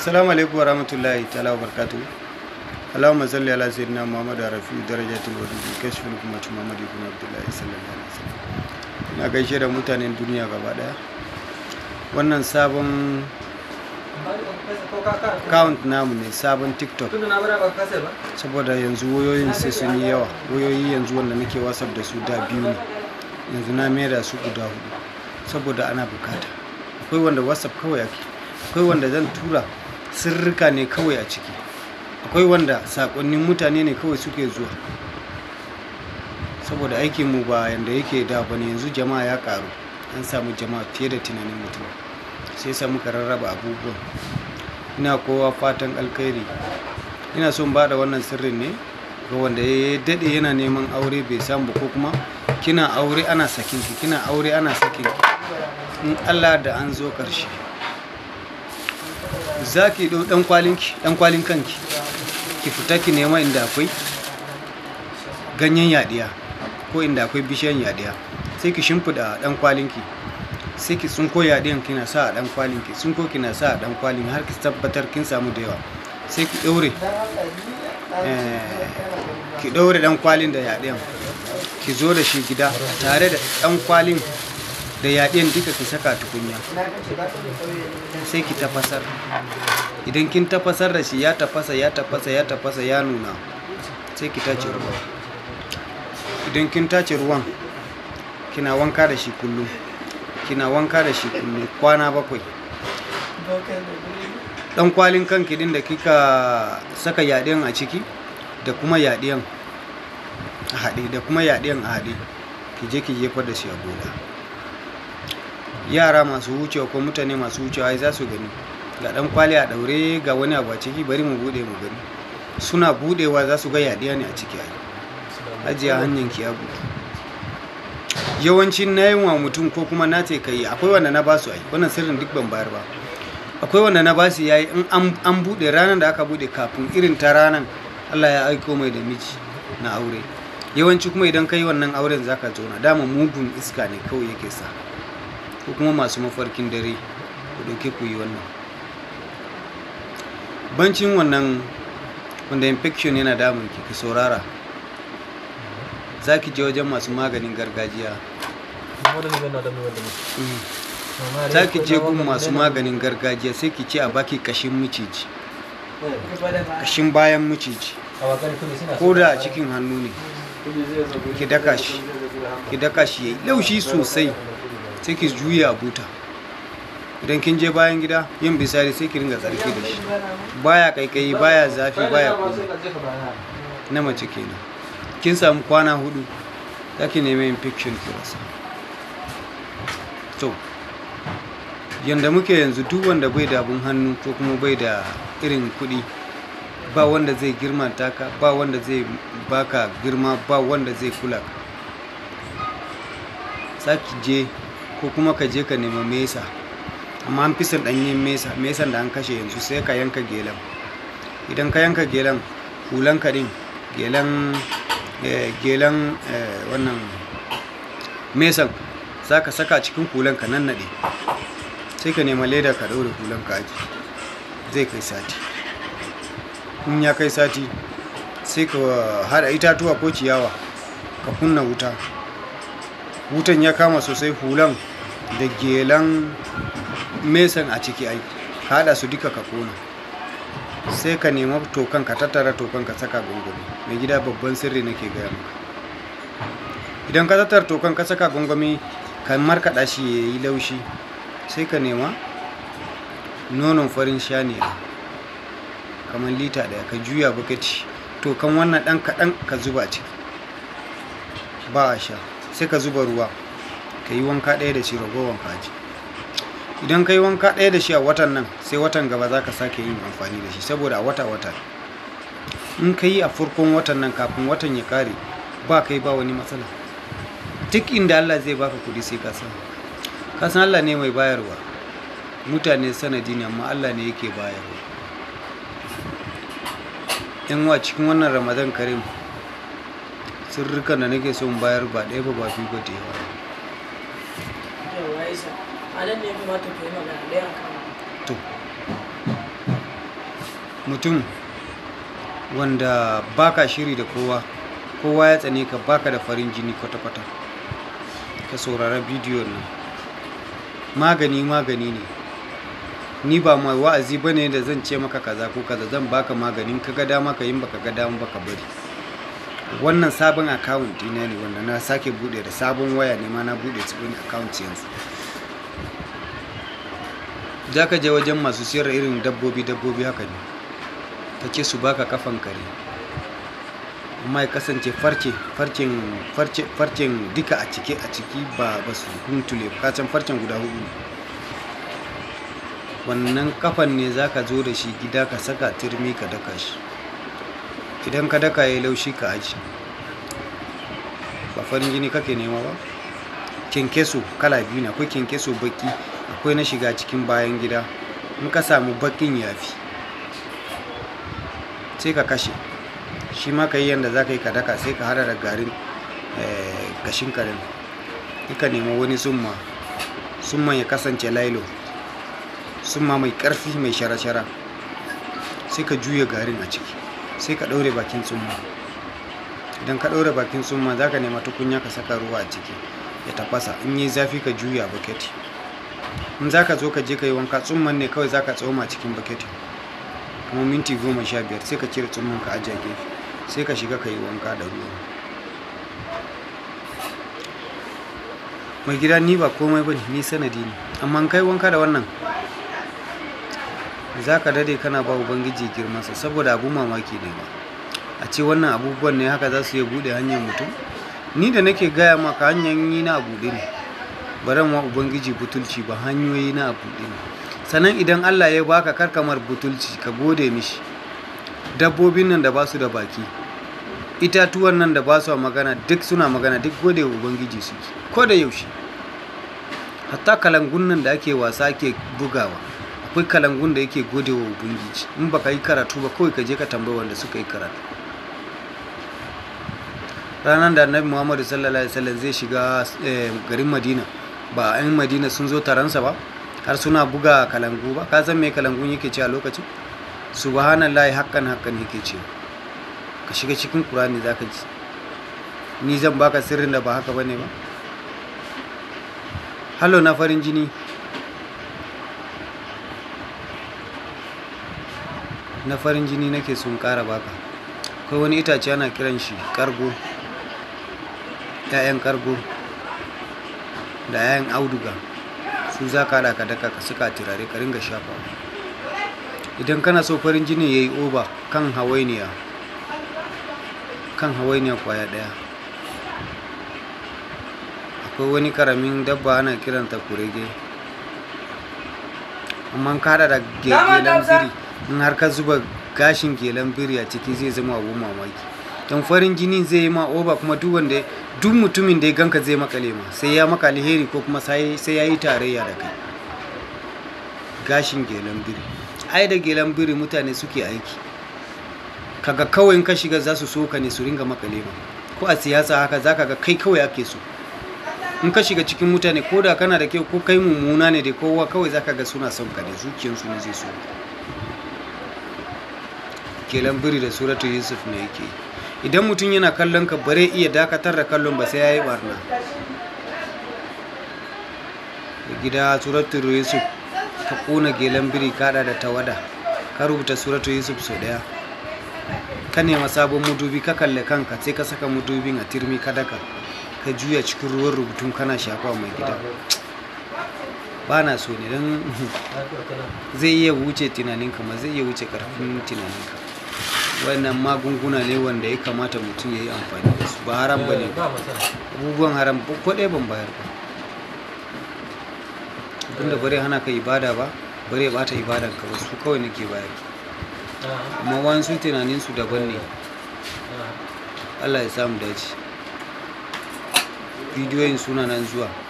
assalamu alaikum wa rahmatullahi ta'ala wa barkatu allahumma salli ala sayyidina muhammad wa rafi darajatul bi kashful kummat muhammad ibn Abdullah sallallahu alaihi wasallam ina gaishe da mutanen duniya gaba daya wannan sabon account namu ne sabon tiktok saboda yanzu wayoyin sai sun yi yawa wayoyi yanzu wanda nake whatsapp da su da biyu ne yanzu na mera su guda hudu saboda ana bukata akwai wanda whatsapp kawai ake akwai wanda zan tura sirrika ne kawai a ciki akwai wanda sakonnin mutane ne kawai suke zuwa saboda aikinmu ba yadda yake da bane yanzu jama'a ya karu an samu jama'a fiye da tunanin mutum sai samu muka rarraba abubuwan ina kowa fatan alkhairi ina son ba da wannan sirrin ne ga wanda ya daɗe yana neman aure bai samu ko kuma kina aure ana sakinki kina aure ana sakinki in allah da an zo ƙarshe za ki ɗau ɗan kwalinki kwalin kanki ki fita ki nema inda akwai ganyen yaɗiya ko inda akwai bishiyan yaɗiya sai ki shimfiɗa ɗan kwalinki sai ki ko yaɗiyan kina sa a ɗan kwalinki ko kina sa a ɗan kwalin har ki tabbatar kin samu da yawa sai ki ɗaure eh, ki ɗaure ɗan kwalin da yaɗiyan ki zo da shi gida tare da ɗan kwalin da yaɗin duka ki saka tukunya sai ki tafasar idan kin tafasar da shi ya tafasa ya tafasa ya tafasa ya nuna sai ki tace ruwan idan kin tace ruwan kina wanka da shi kullum kina wanka da shi kullum kwana bakwai dan kwalin kanki din da kika saka yaɗin a ciki da kuma yaɗin a haɗe da kuma yaɗin a haɗe ki je ki jefa da shi a gona yara masu wucewa ko mutane masu wucewa ai za su gani ga dan kwali a daure ga wani abu a ciki bari mu bude mu gani suna budewa za su ga yadiya ne a ciki ai ajiya hanyar ki ya yawancin na yin wa mutum ko kuma na ce kai akwai wanda na basu ai wannan sirrin duk ban bayar ba akwai wanda na basu yayi in an bude ranar da aka bude kafin irin ta ranar Allah ya aiko mai da miji na aure yawanci kuma idan kai wannan auren zaka zauna dama mugun iska ne kawai yake sa ko kuma masu mafarkin dare ku ɗauke ku yi wannan bancin wannan wanda infection yana damun ki ki saurara za ki je wajen masu maganin gargajiya mm. za ki je kuma masu maganin gargajiya sai ki ce a baki kashin miciji kashin bayan miciji ko da cikin hannu ne ki daka shi ki daka yayi laushi sosai take his juya buta idan kin je bayan gida yin bisari sai ki ringa tsarki da shi baya kaikayi baya zafi baya kuma na mace kenan kin samu kwana hudu za ki nemi infection ki rasa to yanda muke yanzu duk wanda bai da abun hannu ko kuma bai da irin kuɗi ba wanda zai girma taka ba wanda zai baka girma ba wanda zai kula ka za ki je ko kuma ka je ka nemi mesa amma an fi son ɗanyen mesa mesan da an kashe yanzu sai ka yanka gelan idan ka yanka gelan hulan ka din gelan eh, gelan eh, wannan mesan za ka saka cikin hulan ka nan naɗe sai ka nema leda ka ɗaure hulan ka aji zai kai sati in ya kai sati sai ka haɗa itatuwa ko ciyawa ka kunna wuta wutan ya kama sosai hulan da gelan mesan a ciki ai hada su duka ka kona sai ka nema tokan ka tattara tokan ka saka gungumi mai gida babban sirri nake gaya maka idan ka tattara tokan ka saka gungumi ka markaɗa shi ya yi laushi sai ka nema nonon farin shaniya kamar lita ɗaya ka juya bukati tokan wannan ɗan kaɗan ka zuba ciki ba a sha sai ka zuba ruwa ka yi wanka ɗaya da shi ragowar kaji idan ka yi wanka ɗaya da shi a watan nan sai watan gaba za ka sake yin amfani da shi saboda a wata wata in ka yi a farkon watan nan kafin watan ya kare ba kai ba wani matsala duk inda allah zai baka kuɗi sai ka samu ka san allah ne mai bayarwa mutane sanadi ne amma allah ne yake bayarwa yan wa cikin wannan ramadan karim sirrikan da nake son bayar ba ɗaya ba ba biyu ba da yawa to mutum wanda baka shiri da kowa kowa ya tsane ka baka da farin jini kwata-kwata ka saurara bidiyon nan magani magani ne ni ba mai wa'azi ba ne da zan ce maka kaza ko kaza zan baka maganin ka ga dama ka yin baka ga dama baka bari wannan sabon akawunt dina ne wanda na sake bude da sabon waya ne ma na bude cikin akawunt yanzu za ka je wajen masu siyar irin dabbobi dabbobi haka ne ka ce su baka kafan kare amma ya kasance farce farcen farce farcen duka a ciki a ciki ba ba su huntule kacan farcen guda hudu wannan kafan ne za ka zo da shi gida ka saka turmi ka daka shi idan ka daka ya laushi ka aji ba farin jini kake nema ba kinkeso kala biyu ne akwai kinkeso baki akwai na shiga cikin bayan gida in ka samu bakin yafi sai ka kashe shi ma ka yi yadda za ka yi ka daka sai ka hada da garin eh, gashin karin ka nemi wani summa summan ya kasance lailo summa mai karfi mai shara-shara sai ka juya garin a ciki sai ka ɗaure bakin summa idan ka ɗaure bakin summa za ka nema tukunya ka saka ruwa a ciki ya tafasa in yi zafi ka juya baketi in za ka zo ka je ka yi wanka tsumman ne kawai za ka tsoma cikin baketi. kuma minti goma sha biyar sai ka cire tsumman ka ajiye gefe sai ka shiga ka yi wanka da ruwa mai gida ni ba komai ba ni sanadi ne amma kai wanka da wannan za ka dade kana ba ubangiji girmansa saboda abu mamaki ne ba a ce wannan abubuwan ne haka za su iya buɗe hanyar mutum ni da nake gaya maka hanyar yi na buɗe ne baran wa ubangiji butulci ba hanyoyi na abu ɗin sannan idan allah ya baka karkamar butulci ka gode mishi dabbobin nan da ba su da baki itatuwan nan da ba su magana duk suna magana duk gode wa ubangiji suke ko da yaushe hatta kalangun nan da ake wasa ake bugawa akwai kalangun da yake gode wa ubangiji in ba ka yi karatu ba kawai ka je ka tambayi wanda suka yi karatu ranar da annabi muhammadu sallallahu alaihi wasallam zai shiga eh, garin madina ba a 'yan madina sun zo taransa ba har suna buga kalangu ba ka san me kalangu yake ce a lokacin subhanallahi hakan hakan yake ce ka shiga cikin qur'ani zaka ji ni zan baka sirrin da ba haka bane ba hallo na farin jini na farin jini nake sun kara baka akwai wani itace ana kiran shi kargo 'ya'yan kargo da yayan auduga su za ka haɗa ka daka ka suka turare ka ringa shafa idan kana so farin jini ya yi oba kan hawainiya kan hawainiya kwaya ɗaya akwai wani karamin dabba ana kiranta kurege amma ka haɗa da gelan biri in har ka zuba gashin gelan biri a ciki zai zama abun mamaki don farin jini zai yi ma oba kuma duk wanda duk mutumin da ya ganka zai maka lema, sai ya maka alheri ko kuma sai ya yi tarayya da kai gashin gelan biri ai da gelan biri mutane suke aiki kaga kawai in ka shiga za su soka ne su ringa maka lema, ko a siyasa haka za ka ga kai kawai ake so in ka shiga cikin mutane ko da kana da kyau ko kai mummuna ne da kowa kawai za ka ga suna son ka ne zuciyarsu ne zai so kelan biri da suratu yusuf ne yake yi idan mutum yana kallon ka bare iya dakatar da kallon ba sai ya yi barna da gida suratun yusuf ka kuna gelan biri kada da tawada ka rubuta suratun yusuf sau daya ka nema sabon mudubi ka kalle kanka sai ka saka mudubin a turmi ka ka juya cikin ruwan rubutun kana shafa mai gida ba na so ne don zai iya wuce tunaninka ma zai iya wuce karfin tunaninka wannan magunguna ne wanda ya kamata mutum ya yi amfani da su ba haram ba ne eh, abubuwan haram ko ɗaya ban bayar ba abinda bare hana ka ibada ba bare bata ibadan ka ba su kawai nake bayar ah. amma wasu tunanin su daban ne ah. Allah ya samu dace bidiyoyin suna nan zuwa